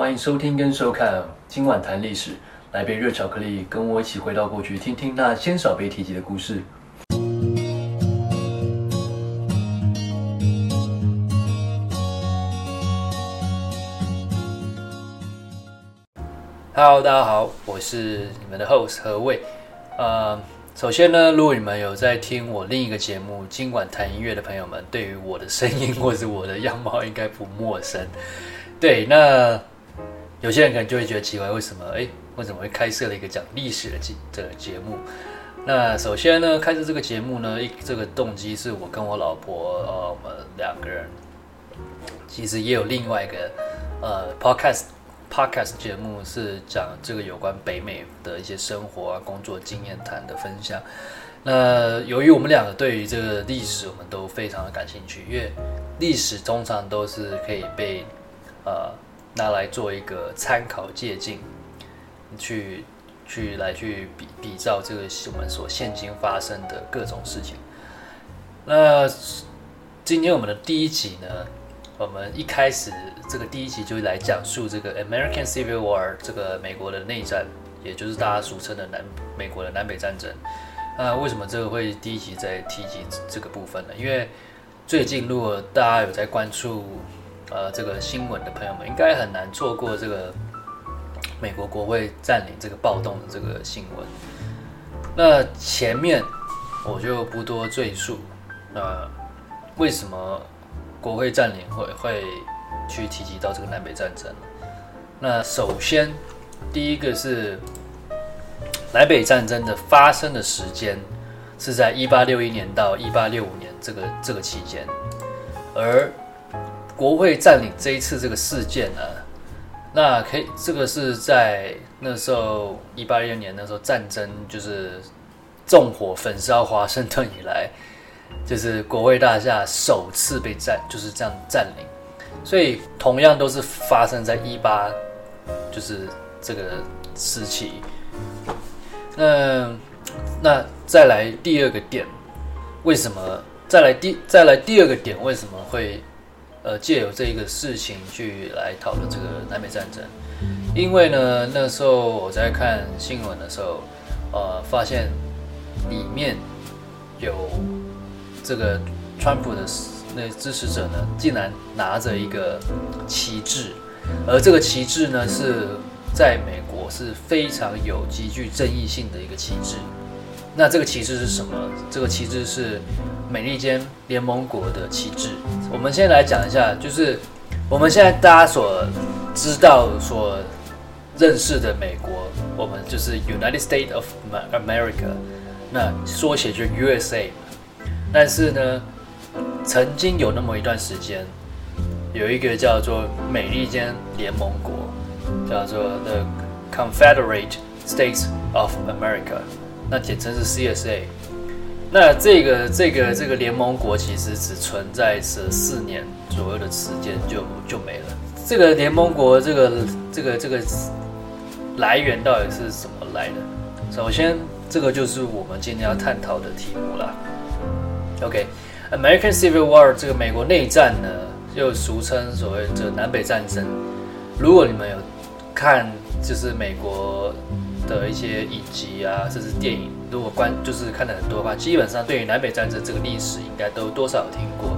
歡迎收聽跟收看今晚談歷史，來杯熱巧克力，跟我一起回到過去，聽聽那鮮少被提及的故事。Hello，大家好，我是你們的 host 何衛。呃、嗯，首先呢，如果你們有在聽我另一個節目《今晚談音樂》的朋友們，對於我的聲音或是我的樣貌應該不陌生。對，那。有些人可能就會覺得奇怪，為什麼？誒、欸，為什麼會開設了一個講歷史的節這個節目？那首先呢，開設這個節目呢，這個動機是我跟我老婆，呃，我們兩個人其實也有另外一個呃 podcast podcast 節目是講這個有關北美的一些生活啊、工作經驗談的分享。那由於我們兩個對於這個歷史我們都非常的感興趣，因為歷史通常都是可以被呃。拿來做一個參考借鑑，去去來去比比照這個我們所現今發生的各種事情。那今天我們的第一集呢，我們一開始這個第一集就來講述這個 American Civil War 這個美國的內戰，也就是大家俗稱的南美國的南北戰爭。那為什麼這個會第一集在提及這個部分呢？因為最近如果大家有在關注。呃，這個新聞的朋友們應該很難錯過這個美國國會佔領這個暴動的這個新聞。那前面我就不多贅述。那為什麼國會佔領會會去提及到這個南北戰爭？那首先，第一個是南北戰爭的發生的時間是在一八六一年到一八六五年這個這個期間，而。國會占領這一次這個事件呢？那可以，這個是在那時候一八一二年那時候戰爭，就是縱火焚燒華盛頓以來，就是國會大廈首次被占，就是這樣占領。所以同樣都是發生在一八，就是這個時期。那那再來第二個點，為什麼再來第再來第二個點為什麼會？呃，借由這一個事情去來討論這個南北戰爭，因為呢，那時候我在看新聞的時候，呃，發現裡面有這個川普的那支持者呢，竟然拿着一個旗幟，而這個旗幟呢是在美國是非常有極具爭議性的一個旗幟。那這個旗幟是什麼？這個旗幟是美利堅聯盟國的旗幟。我們先來講一下，就是我們現在大家所知道、所認識的美國，我們就是 United States of America，那縮寫就 USA。但是呢，曾經有那麼一段時間，有一個叫做美利堅聯盟國，叫做 The Confederate States of America。那簡稱是 CSA，那這個這個這個聯盟國其實只存在十四年左右的時間就就沒了。這個聯盟國這個這個這個、這個、來源到底是怎麼來的？首先，這個就是我們今天要探討的題目了。OK，American Civil War 這個美國內戰呢，又俗稱所謂的南北戰爭。如果你們有看，就是美國。的一些影集啊，甚至電影，如果觀就是看的很多的話，基本上對於南北戰爭這個歷史應該都多少有聽過、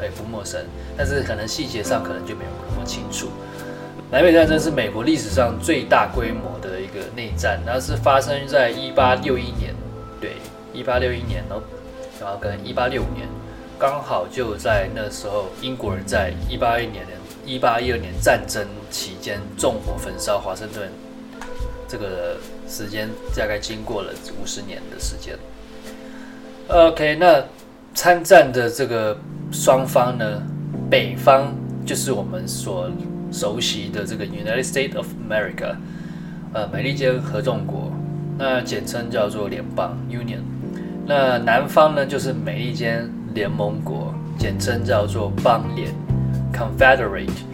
欸，不陌生，但是可能細節上可能就沒有那麼清楚。南北戰爭是美國歷史上最大規模的一個內戰，那是發生在一八六一年，對，一八六一年哦、喔，然後跟一八六五年，剛好就在那時候，英國人在一八一年、一八一二年戰爭期間縱火焚燒華盛頓。這個時間大概經過了五十年的時間。OK，那參戰的這個雙方呢，北方就是我們所熟悉的這個 United States of America，呃，美利堅合眾國，那簡稱叫做聯邦 Union。那南方呢，就是美利堅聯盟國，簡稱叫做邦聯 Confederate。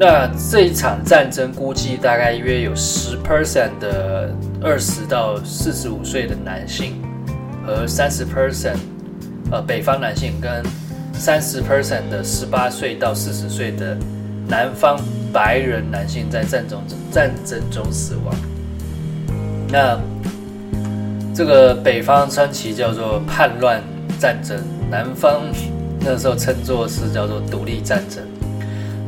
那這一場戰爭估計大概約有十 percent 的二十到四十五歲的男性，和三十 percent，呃，北方男性跟三十 percent 的十八歲到四十歲的南方白人男性在戰中戰爭中死亡。那這個北方稱其叫做叛亂戰爭，南方那時候稱作是叫做獨立戰爭。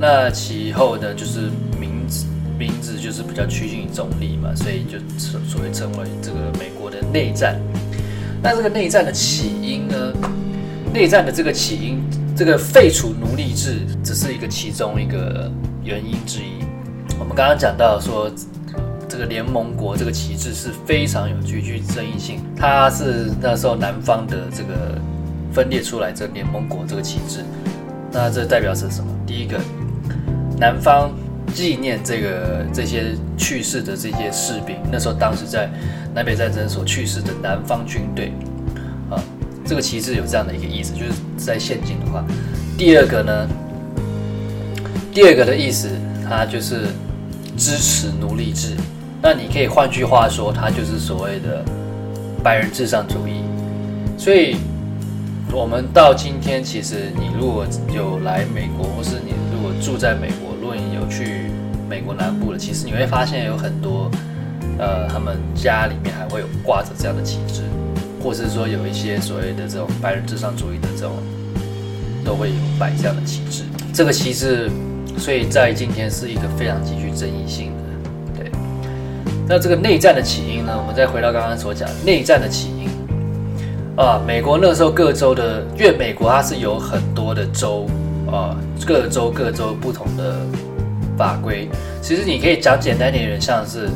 那其後呢，就是名字，名字就是比較趨近於中立嘛，所以就所所謂成為這個美國的內戰。那這個內戰的起因呢，內戰的這個起因，這個廢除奴隸制只是一個其中一個原因之一。我們剛剛講到說，這個聯盟國這個旗幟是非常有具具爭議性，它是那時候南方的這個分裂出來的這聯盟國這個旗幟。那這代表是什麼？第一個。南方紀念這個這些去世的這些士兵，那時候當時在南北戰爭所去世的南方軍隊，啊，這個旗幟有這樣的一個意思，就是在現今的話。第二個呢，第二個的意思，它就是支持奴隸制。那你可以換句話說，它就是所謂的白人至上主義。所以，我們到今天，其實你如果有來美國，或是你如果住在美國，有去美國南部的，其實你會發現有很多，呃，他們家裡面還會有掛着這樣的旗幟，或是說有一些所謂的這種白人至上主義的這種，都會有擺這樣的旗幟。這個旗幟，所以在今天是一個非常極具爭議性的。對，那這個內戰的起因呢？我們再回到剛剛所講的內戰的起因啊，美國那時候各州的，因為美國它是有很多的州啊，各州各州不同的。法規，其實你可以講簡單一點，像是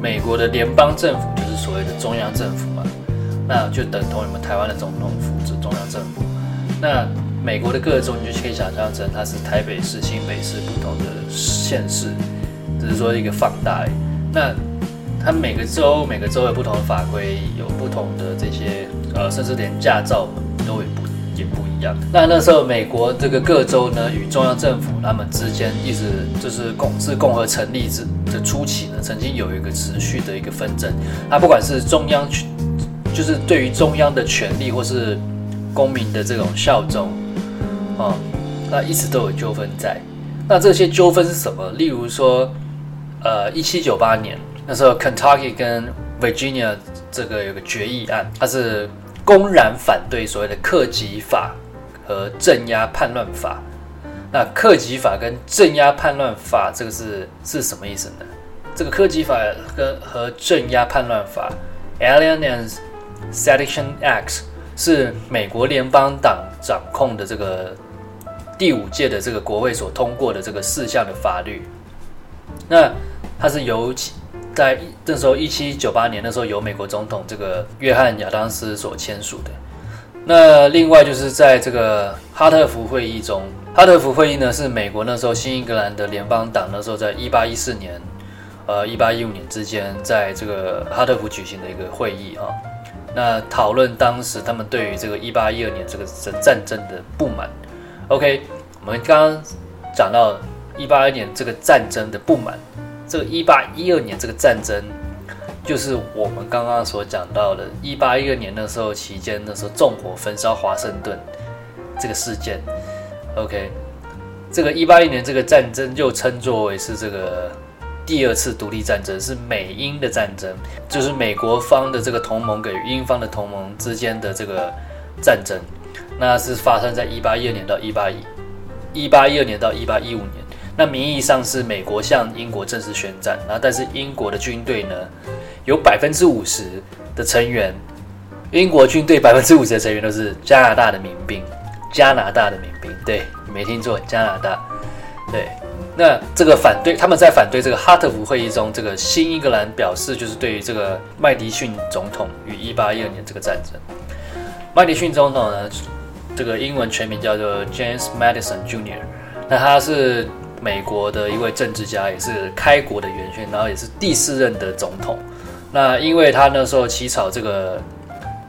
美國的聯邦政府，就是所謂的中央政府嘛，那就等同於我們台灣的總統府，是中央政府。那美國的各州，你就可以想象成它是台北市、新北市不同的縣市，只、就是說一個放大。那它每個州，每個州有不同的法規，有不同的這些，呃，甚至連駕照都會不。那那時候，美國這個各州呢，與中央政府他們之間一直就是共自共和成立之的初期呢，曾經有一個持續的一個紛爭。那不管是中央，就是對於中央的權利或是公民的這種效忠，啊、哦，那一直都有糾紛在。那這些糾紛是什麼？例如說，呃，一七九八年那時候，Kentucky 跟 Virginia 這個有個決議案，它是公然反對所謂的客籍法。和鎮壓叛亂法，那客籍法跟鎮壓叛亂法，這個是是什麼意思呢？這個客籍法跟和鎮壓叛亂法，Alien and Sedition Acts 是美國聯邦黨掌控的這個第五屆的這個國會所通過的這個四項的法律。那它是由在這時候一七九八年的時候由美國總統這個約翰亞當斯所簽署的。那另外就是在這個哈特福會議中，哈特福會議呢是美國那時候新英格蘭的聯邦黨那時候在一八一四年，呃一八一五年之間，在這個哈特福舉行的一個會議啊、哦。那討論當時他們對於這個一八一二年這個戰爭的不滿。OK，我們剛剛講到一八一二年這個戰爭的不滿，這個一八一二年這個戰爭。就是我們剛剛所講到的，一八一二年的時候期間，的時候縱火焚燒華盛頓這個事件。OK，這個一八一年這個戰爭又稱作為是這個第二次獨立戰爭，是美英的戰爭，就是美國方的這個同盟給英方的同盟之間的這個戰爭。那是發生在一八一二年到一八一，一八一二年到一八一五年。那名義上是美國向英國正式宣戰，那但是英國的軍隊呢？有百分之五十的成員，英國軍隊百分之五十的成員都是加拿大的民兵。加拿大的民兵，對，你沒聽錯，加拿大。對，那這個反對，他們在反對這個哈特福會議中，這個新英格蘭表示就是對於這個麥迪遜總統與一八一二年這個戰爭。麥迪遜總統呢，這個英文全名叫做 James Madison Jr.，那他是美國的一位政治家，也是開國的元勳，然後也是第四任的總統。那因為他那時候起草這個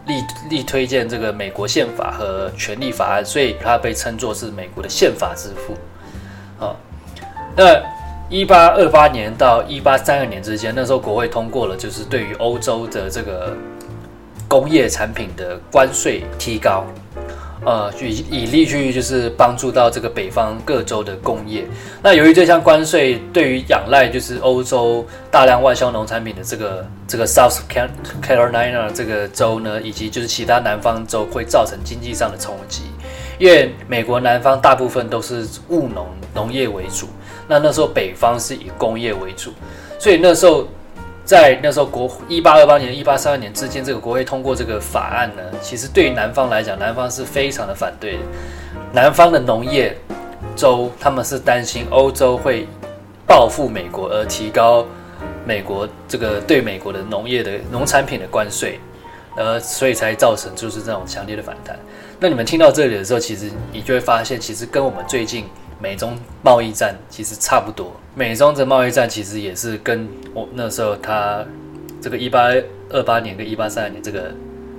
力力推薦這個美國憲法和權利法案，所以他被稱作是美國的憲法之父。好，那一八二八年到一八三二年之間，那時候國會通過了，就是對於歐洲的這個工業產品的關稅提高。呃，以、嗯、以力去就是幫助到這個北方各州的工業。那由於這項關稅對於仰賴就是歐洲大量外銷農產品的這個這個 South Carolina 這個州呢，以及就是其他南方州會造成經濟上的衝擊，因為美國南方大部分都是務農農業為主，那那時候北方是以工業為主，所以那時候。在那時候，國一八二八年一八三二年之間，這個國會通過這個法案呢，其實對於南方來講，南方是非常的反對的。南方的農業州，他們是擔心歐洲會報復美國，而提高美國這個對美國的農業的農產品的關稅，呃，所以才造成就是這種強烈的反彈。那你們聽到這裡的時候，其實你就會發現，其實跟我們最近。美中貿易戰其實差不多，美中的貿易戰其實也是跟我那時候他這個一八二八年跟一八三零年這個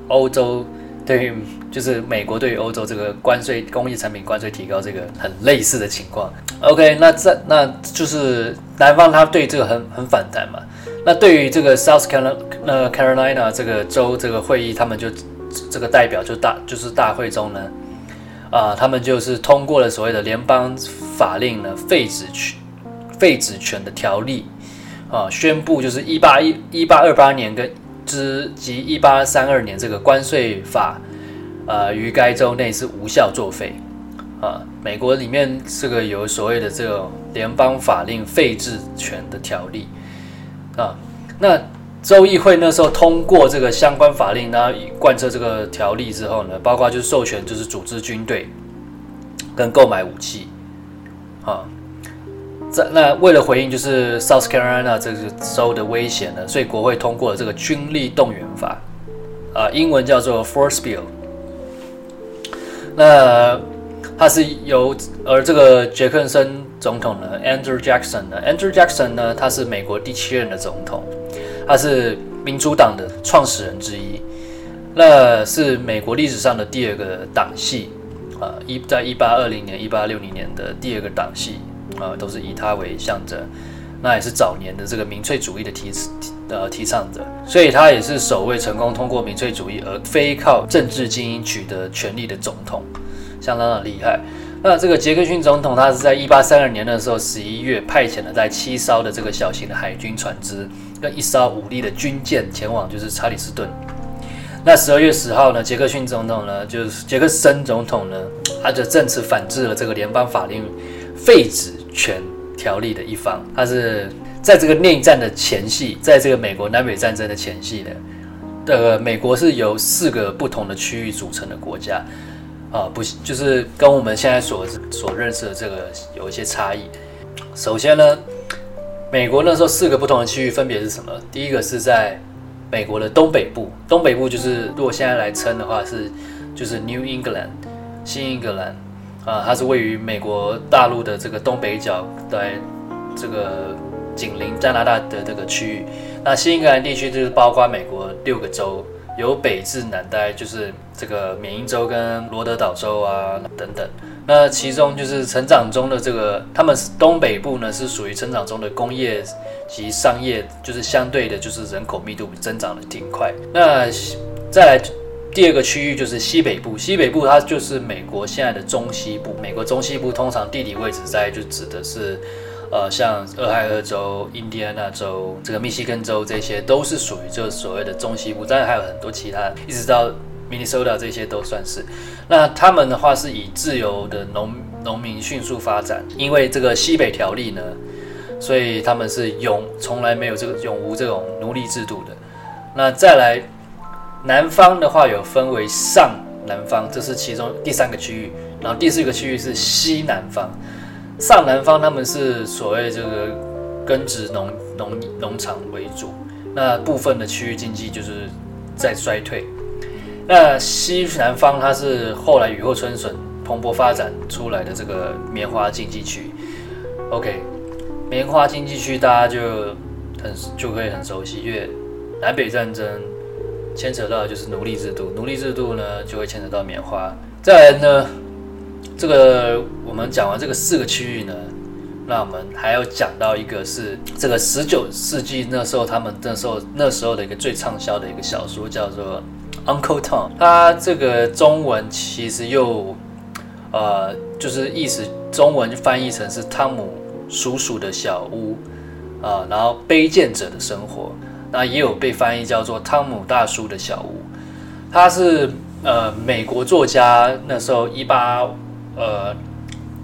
歐洲對於，就是美國對於歐洲這個關稅工業產品關稅提高這個很類似的情況。OK，那在那就是南方他對這個很很反彈嘛，那對於這個 South Carolina, Carolina 這個州這個會議，他們就這個代表就大就是大會中呢。啊、呃，他們就是通過了所謂的聯邦法令的廢止權、廢止權的條例啊、呃，宣布就是一八一、一八二八年跟之及一八三二年這個關稅法，啊、呃，於該州內是無效作廢啊、呃。美國裡面這個有所謂的這個聯邦法令廢止權的條例啊、呃，那。州議會那時候通過這個相關法令，然後貫徹這個條例之後呢，包括就是授權，就是組織軍隊跟購買武器，啊，在那為了回應就是 South Carolina 這個州的威脅呢，所以國會通過了這個軍力動員法，啊，英文叫做 Force Bill。那他是由而這個傑克森總統呢，Andrew Jackson 呢，Andrew Jackson 呢，他是美國第七任的總統。他是民主黨的創始人之一，那是美國歷史上的第二個黨系啊，一、呃、在一八二零年、一八六零年的第二個黨系啊、呃，都是以他為象徵。那也是早年的這個民粹主義的提呃提倡者，所以他也是首位成功通過民粹主義而非靠政治精英取得權力的總統，相當的厲害。那這個傑克遜總統，他是在一八三二年的時候，十一月派遣了在七艘的這個小型的海軍船隻。一艘武力的軍艦前往，就是查理斯頓。那十二月十號呢，傑克遜總統呢，就是傑克森總統呢，他就正式反制了這個聯邦法令廢止權條例的一方。他是在這個內戰的前夕，在這個美國南北戰爭的前夕的。這、呃、個美國是由四個不同的區域組成的國家啊，不就是跟我們現在所所認識的這個有一些差異。首先呢。美國那時候四個不同的區域分別是什麼？第一個是在美國的東北部，東北部就是如果現在來稱的話是，就是 New England，新英格蘭，啊、呃，它是位於美國大陸的這個東北角，在這個緊鄰加拿大的這個區域。那新英格蘭地區就是包括美國六個州，由北至南帶就是這個緬因州跟羅德島州啊等等。那其中就是成長中的這個，他們是東北部呢，是屬於成長中的工業及商業，就是相對的，就是人口密度增長得挺快。那再來第二個區域就是西北部，西北部它就是美國現在的中西部。美國中西部通常地理位置在就指的是，呃，像俄亥俄州、印第安納州、這個密西根州這，這些都是屬於這個所謂的中西部。當然還有很多其他，一直到。明尼蘇達這些都算是，那他們的話是以自由的農農民迅速發展，因為這個西北條例呢，所以他們是永從來沒有這個永無這種奴隸制度的。那再來南方的話，有分為上南方，這是其中第三個區域，然後第四個區域是西南方。上南方他們是所謂這個耕植農農農場為主，那部分的區域經濟就是在衰退。那西南方它是後來雨後春筍蓬勃發展出來的這個棉花經濟區。OK，棉花經濟區大家就很就可以很熟悉，因為南北戰爭牽扯到就是奴隸制度，奴隸制度呢就會牽扯到棉花。再來呢，這個我們講完這個四個區域呢，那我們還要講到一個是這個十九世紀那時候他們那時候那時候的一個最暢銷的一個小說叫做。Uncle Tom，他這個中文其實又，呃，就是意思，中文翻譯成是湯姆叔叔的小屋，呃，然後卑賤者的生活，那也有被翻譯叫做湯姆大叔的小屋。他是呃美國作家那時候一八呃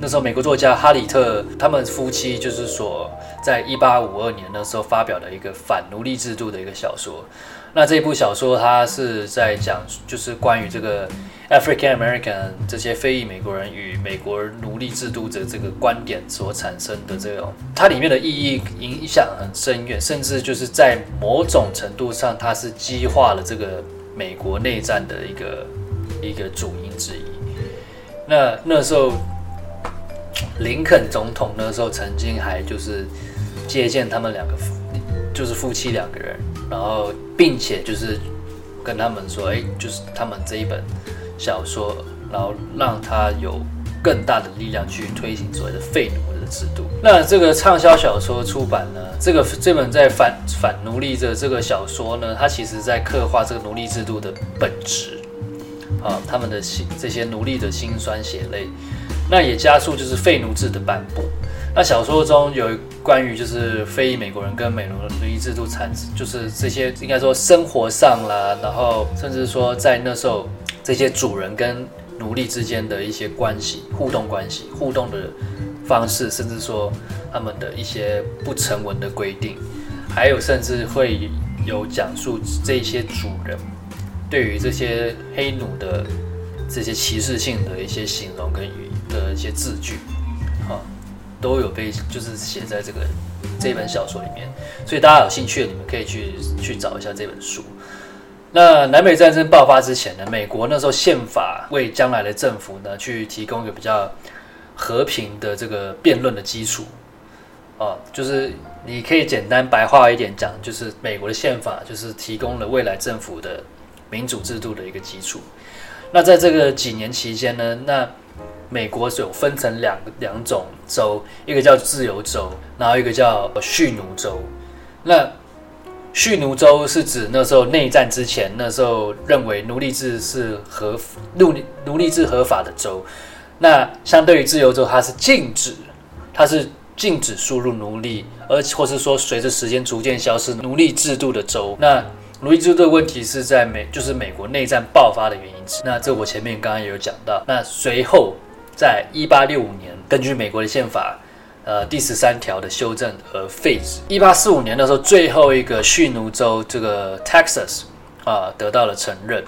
那時候美國作家哈里特他們夫妻就是說在一八五二年那時候發表的一個反奴隸制度的一個小說。那這部小說，它是在講，就是關於這個 African American 這些非裔美國人與美國奴隸制度的這個觀點所產生的這種，它裡面的意義影響很深遠，甚至就是在某種程度上，它是激化了這個美國內戰的一個一個主因之一。那那時候，林肯總統那時候曾經還就是接見他們兩個，就是夫妻兩個人。然後，並且就是跟他們說，哎，就是他們這一本小說，然後讓他有更大的力量去推行所謂的廢奴的制度。那這個暢銷小說出版呢，這個這本在反反奴隸的這個小說呢，它其實在刻畫這個奴隸制度的本質，啊，他們的心這些奴隸的辛酸血淚。那也加速就是廢奴制的頒布。那小說中有關於就是非裔美國人跟美奴的奴隸制度產生，就是這些應該說生活上啦，然後甚至說在那時候這些主人跟奴隸之間的一些關係、互動關係、互動的方式，甚至說他們的一些不成文的規定，還有甚至會有講述這些主人對於這些黑奴的這些歧視性的一些形容跟語言。的一些字句，哦，都有被就是寫在這個這本小說裡面，所以大家有興趣的，你們可以去去找一下這本書。那南北戰爭爆發之前呢，美國那時候憲法為將來的政府呢去提供一個比較和平的這個辯論的基礎，啊，哦，就是你可以簡單白話一點講，就是美國的憲法就是提供了未來政府的民主制度的一個基礎。那在這個幾年期間呢，那美國是有分成兩兩種州，一個叫自由州，然後一個叫蓄奴州。那蓄奴州是指那時候內戰之前，那時候認為奴隸制是合奴隸奴隸制合法的州。那相對於自由州，它是禁止，它是禁止輸入奴隸，而或是說隨着時間逐漸消失奴隸制度的州。那奴隸制度的問題是在美，就是美國內戰爆發的原因。那這我前面剛剛也有講到。那隨後。在一八六五年，根據美國的憲法，呃，第十三條的修正而廢止。一八四五年的時候，最後一個蓄奴州這個 Texas 啊，得到了承認。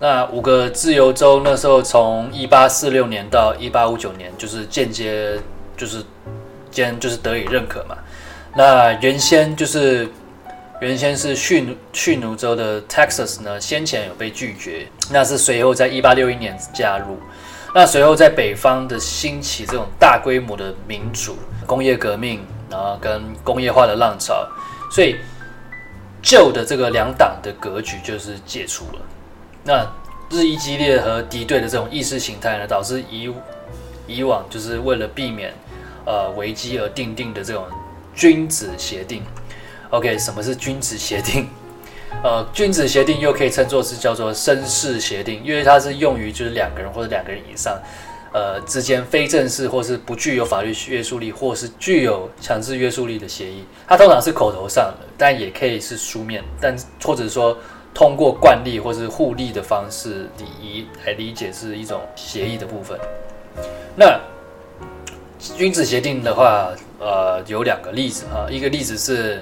那五個自由州那時候從一八四六年到一八五九年，就是間接就是間就是得以認可嘛。那原先就是原先是蓄蓄奴州的 Texas 呢，先前有被拒絕，那是隨後在一八六一年加入。那隨後在北方的興起，這種大規模的民主、工業革命，然後跟工業化的浪潮，所以舊的這個兩黨的格局就是解除了。那日益激烈和敵對的這種意識形態呢，導致以以往就是為了避免呃危機而訂定的這種君子協定。OK，什麼是君子協定？呃，君子協定又可以稱作是叫做紳士協定，因為它是用於就是兩個人或者兩個人以上，呃，之間非正式或是不具有法律約束力或是具有強制約束力的協議。它通常是口頭上的，但也可以是書面的，但或者說通過慣例或是互利的方式禮儀來理解是一種協議的部分。那君子協定的話，呃，有兩個例子啊，呃，一個例子是。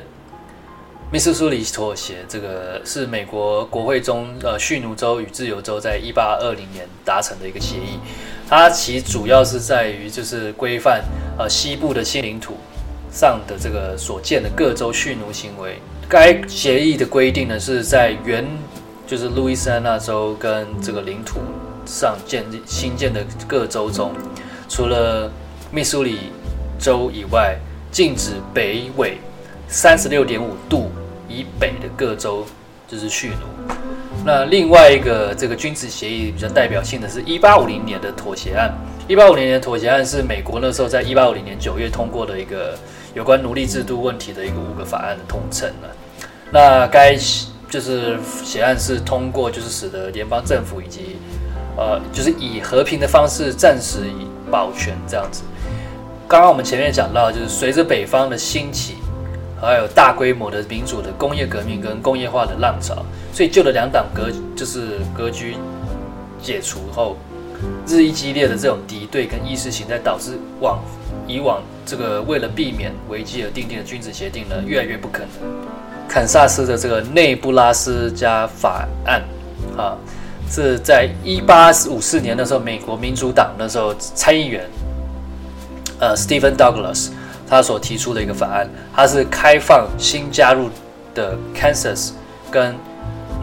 密蘇里妥協，這個是美國國會中，呃，蓄奴州與自由州在1820年達成的一個協議。它其主要是在於，就是規範，呃，西部的新領土上的這個所建的各州蓄奴行為。該協議的規定呢，是在原就是路易斯安那州跟這個領土上建立新建的各州中，除了密蘇里州以外，禁止北緯。三十六點五度以北的各州就是蓄奴。那另外一個這個君子協議比較代表性的是一八五零年的妥協案。一八五零年的妥協案是美國那時候在一八五零年九月通過的一個有關奴隸制度問題的一個五個法案的統稱。那該就是協案是通過就是使得聯邦政府以及呃就是以和平的方式暫時以保全這樣子。剛剛我們前面講到就是隨着北方的興起。還有大規模的民主的工業革命跟工業化的浪潮，所以舊的兩黨格就是格局解除後，日益激烈的這種敵對跟意識形態，導致往以往這個為了避免危機而訂定的君子協定呢，越來越不可能。堪薩斯的這個內布拉斯加法案，啊，是在一八五四年的時候，美國民主黨那時候參議員，呃，Stephen Douglas。他所提出的一個法案，他是開放新加入的 Kansas 跟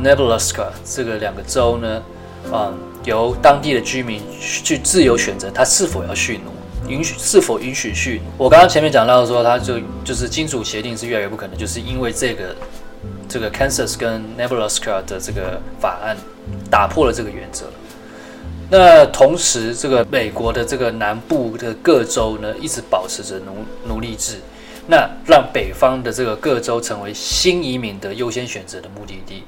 Nebraska 這個兩個州呢，嗯，由當地的居民去自由選擇他是否要蓄奴，允許是否允許蓄奴。我剛剛前面講到說，他就就是金主協定是越來越不可能，就是因為這個這個 Kansas 跟 Nebraska 的這個法案打破了這個原則。那同時，這個美國的這個南部的各州呢，一直保持着奴奴隸制，那讓北方的這個各州成為新移民的優先選擇的目的地，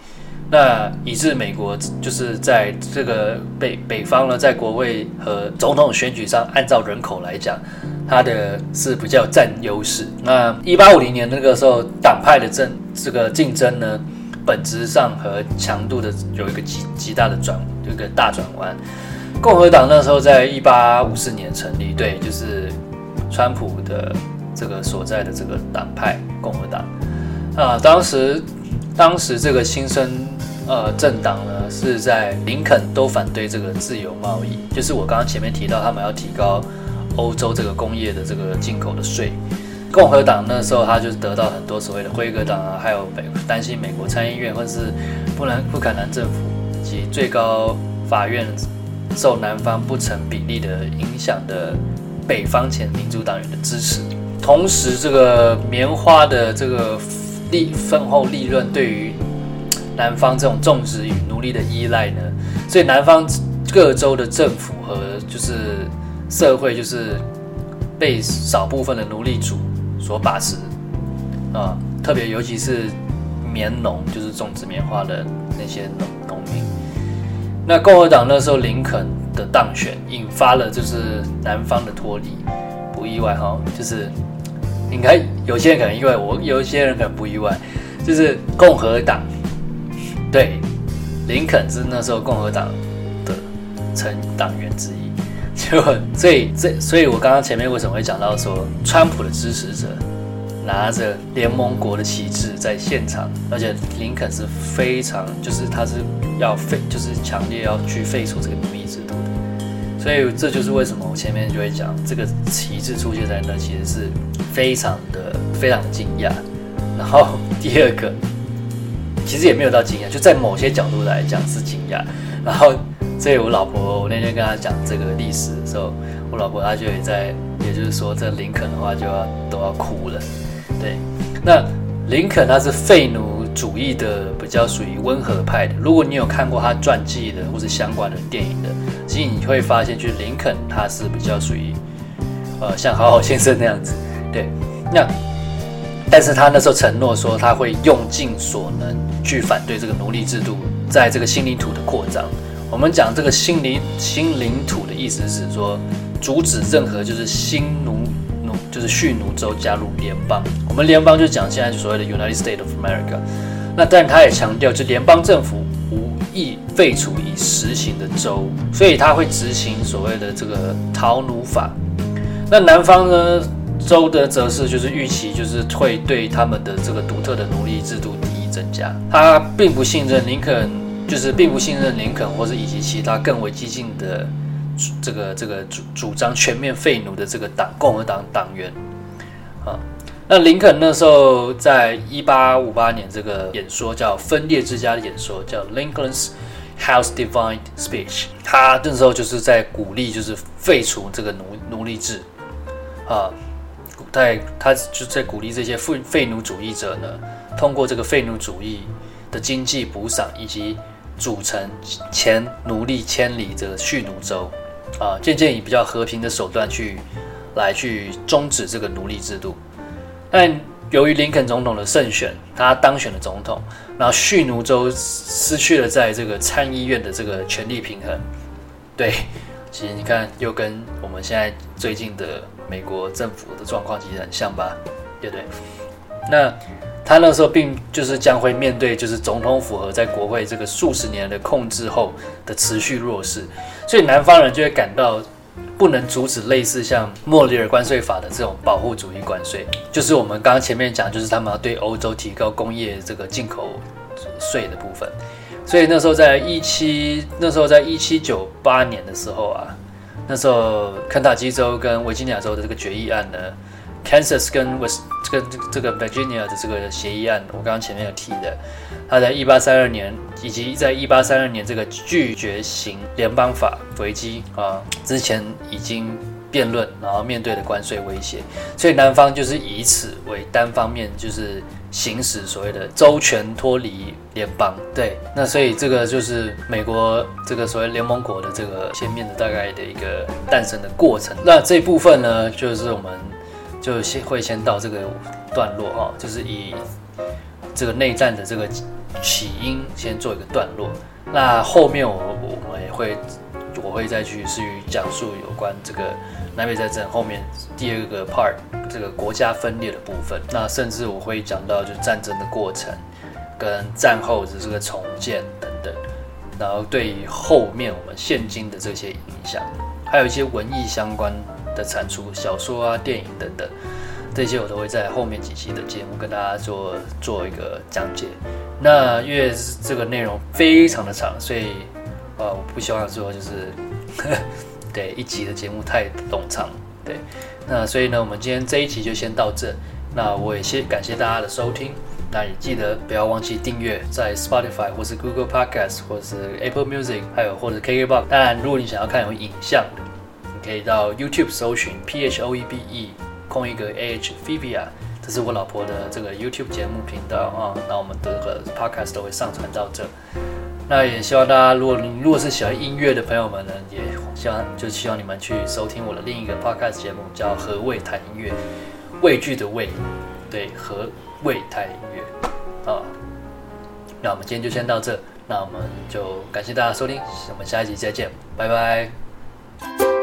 那以致美國就是在這個北北方呢，在國會和總統選舉上，按照人口來講，它的是比較占優勢。那一八五零年那個時候，黨派的爭這個競爭呢，本質上和強度的有一個極極大的轉，一個大轉彎。共和黨那時候在一八五四年成立，對，就是川普的這個所在的這個黨派，共和黨。啊，當時當時這個新生呃政黨呢是在林肯都反對這個自由貿易，就是我剛剛前面提到，他們要提高歐洲這個工業的這個進口的稅。共和黨那時候他就是得到很多所謂的輝格黨啊，還有北擔心美國參議院或者是布蘭布坎南政府以及最高法院。受南方不成比例的影響的北方前民主黨人的支持，同時這個棉花的這個利豐厚利潤對於南方這種種植與奴隸的依賴呢，所以南方各州的政府和就是社會就是被少部分的奴隸主所把持，啊，特別尤其是棉農，就是種植棉花的那些農農民。那共和黨那時候林肯的當選引發了就是南方的脫離，不意外哈，就是應該有些人可能意外，我有些人可能不意外，就是共和黨對林肯是那時候共和黨的成黨員之一，就所以這所以我剛剛前面為什麼會講到說川普的支持者。拿着聯盟國的旗幟在現場，而且林肯是非常，就是他是要廢，就是強烈要去廢除這個奴役制度。所以這就是為什麼我前面就會講這個旗幟出現在那，其實是非常的非常的驚訝。然後第二個，其實也沒有到驚訝，就在某些角度來講是驚訝。然後，所以我老婆我那天跟她講這個歷史的時候，我老婆她就也在，也就是說這林肯的話就要都要哭了。對，那林肯他是廢奴主義的，比較屬於溫和派的。如果你有看過他傳記的，或是相關的電影的，其實你會發現，去林肯他是比較屬於，呃，像好好先生那樣子。對，那但是他那時候承諾說，他會用盡所能去反對這個奴隸制度，在這個新領土的擴張。我們講這個新領新領土的意思是說，阻止任何就是新。就是蓄奴州加入聯邦，我們聯邦就講現在所謂的 United States of America。那但他也強調，就聯邦政府無意廢除已實行的州，所以他會執行所謂的這個逃奴法。那南方呢州的則是就是預期就是會對他們的這個獨特的奴隸制度敵意增加。他並不信任林肯，就是並不信任林肯，或是以及其他更為激進的。這個這個主主張全面廢奴的這個黨，共和黨黨員，啊，那林肯那時候在一八五八年這個演說叫《分裂之家》的演說叫《Lincoln's House Divided Speech》，他這時候就是在鼓勵就是廢除這個奴奴隸制，啊，他他就在鼓勵這些廢廢奴主義者呢，通過這個廢奴主義的經濟補償以及組成前奴隸千里這個蓄奴州。啊，漸漸以比較和平的手段去，來去終止這個奴隸制度。但由於林肯總統的勝選，他當選了總統，然後蓄奴州失去了在這個參議院的這個權力平衡。對，其實你看，又跟我們現在最近的美國政府的狀況其實很像吧？對不對，對？那。他那時候並就是將會面對，就是總統府和在國會這個數十年的控制後的持續弱勢，所以南方人就會感到不能阻止類似像莫里爾關稅法的這種保護主義關稅，就是我們剛剛前面講，就是他們要對歐洲提高工業這個進口稅的部分。所以那時候在一七那時候在一七九八年的時候啊，那時候肯塔基州跟維吉尼亞州的這個決議案呢，Kansas 跟 West 跟這個 Virginia 的這個協議案，我剛剛前面有提的，他在一八三二年，以及在一八三二年這個拒絕型聯邦法危機啊之前已經辯論，然後面對的關稅威脅，所以南方就是以此為單方面，就是行使所謂的周全脫離聯邦。對，那所以這個就是美國這個所謂聯盟國的這個前面的大概的一個誕生的過程。那這部分呢，就是我們。就先會先到這個段落哦，就是以這個內戰的這個起因先做一個段落。那後面我我們也會我會再去是於講述有關這個南北戰爭後面第二個 part 這個國家分裂的部分。那甚至我會講到就戰爭的過程跟戰後的這個重建等等。然後對於後面我們現今的這些影響，還有一些文藝相關。的產出，小說啊、電影等等，這些我都會在後面幾期的節目跟大家做做一個講解。那因為這個內容非常的長，所以、啊、我不希望說就是，呵呵對一集的節目太冗長。對，那所以呢，我們今天這一集就先到這。那我也先感謝大家的收聽。那你記得不要忘記訂閱在 Spotify 或是 Google Podcast 或是 Apple Music，還有或者 KKBox。當然，如果你想要看有影像，可以到 YouTube 搜尋 Phoebe 空一格 AhPhobia，這是我老婆的這個 YouTube 節目頻道啊、哦。那我們的這個 Podcast 都會上傳到這。那也希望大家，如果如果是喜歡音樂的朋友們呢，也希望就希望你們去收聽我的另一個 Podcast 節目，叫何味談音樂，畏懼的畏，對，何味談音樂。啊、哦，那我們今天就先到這。那我們就感謝大家收聽，我們下一集再見，拜拜。